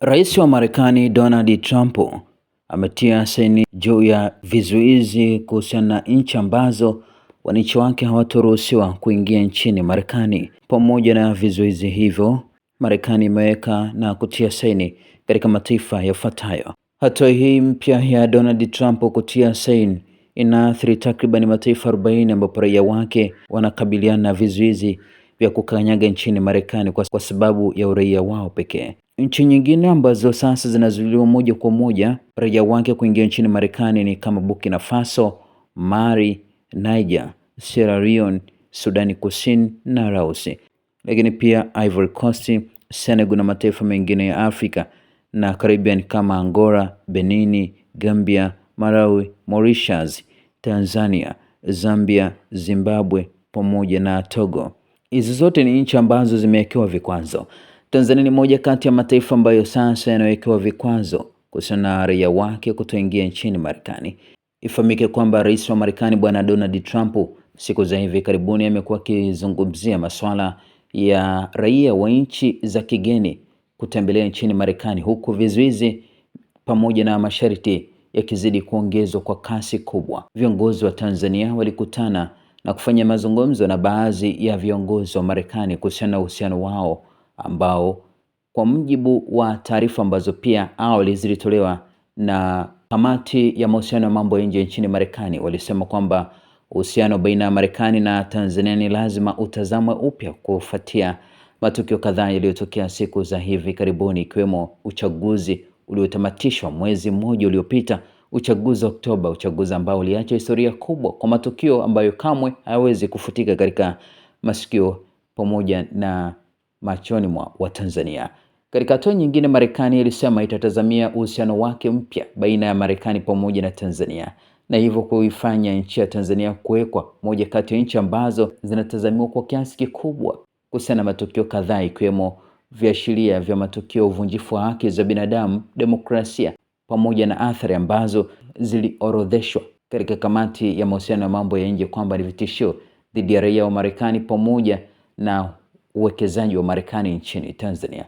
Rais wa Marekani Donald Trump ametia saini juu ya vizuizi kuhusiana na nchi ambazo wananchi wake hawataruhusiwa kuingia nchini Marekani. Pamoja na vizuizi hivyo, Marekani imeweka na kutia saini katika mataifa yafuatayo. Hatua hii mpya ya Donald Trump kutia saini inaathiri takriban mataifa 40 ambapo raia wake wanakabiliana na vizuizi vya kukanyaga nchini Marekani kwa sababu ya uraia wao pekee. Nchi nyingine ambazo sasa zinazuiliwa moja kwa moja raia wake kuingia nchini Marekani ni kama Burkina Faso, Mali, Niger, Sierra Leone, Sudani Kusini na Laos, lakini pia Ivory Coast, Senegal na mataifa mengine ya Afrika na Caribbean kama Angola, Benin, Gambia, Malawi, Mauritius, Tanzania, Zambia, Zimbabwe pamoja na Togo. Hizi zote ni nchi ambazo zimewekewa vikwazo. Tanzania ni moja kati ya mataifa ambayo sasa yanawekewa vikwazo kuhusiana na raia wake kutoingia nchini Marekani. Ifahamike kwamba rais wa Marekani Bwana Donald Trump siku za hivi karibuni amekuwa akizungumzia masuala ya raia wa nchi za kigeni kutembelea nchini Marekani, huku vizuizi pamoja na masharti yakizidi kuongezwa kwa kasi kubwa. Viongozi wa Tanzania walikutana na kufanya mazungumzo na baadhi ya viongozi wa Marekani kuhusiana na uhusiano wao ambao kwa mujibu wa taarifa ambazo pia awali zilitolewa na kamati ya mahusiano ya mambo ya nje nchini Marekani, walisema kwamba uhusiano baina ya Marekani na Tanzania ni lazima utazamwe upya kufuatia matukio kadhaa yaliyotokea siku za hivi karibuni, ikiwemo uchaguzi uliotamatishwa mwezi mmoja uliopita, uchaguzi wa Oktoba, uchaguzi ambao uliacha historia kubwa kwa matukio ambayo kamwe hayawezi kufutika katika masikio pamoja na machoni mwa Watanzania. Katika hatua nyingine, Marekani ilisema itatazamia uhusiano wake mpya baina ya Marekani pamoja na Tanzania na hivyo kuifanya nchi ya Tanzania kuwekwa moja kati ya nchi ambazo zinatazamiwa kwa kiasi kikubwa kuhusiana na matukio kadhaa ikiwemo viashiria vya matukio ya uvunjifu wa haki za binadamu, demokrasia pamoja na athari ambazo ziliorodheshwa katika kamati ya mahusiano ya mambo ya nje kwamba ni vitishio dhidi ya raia wa Marekani pamoja na uwekezaji wa Marekani nchini Tanzania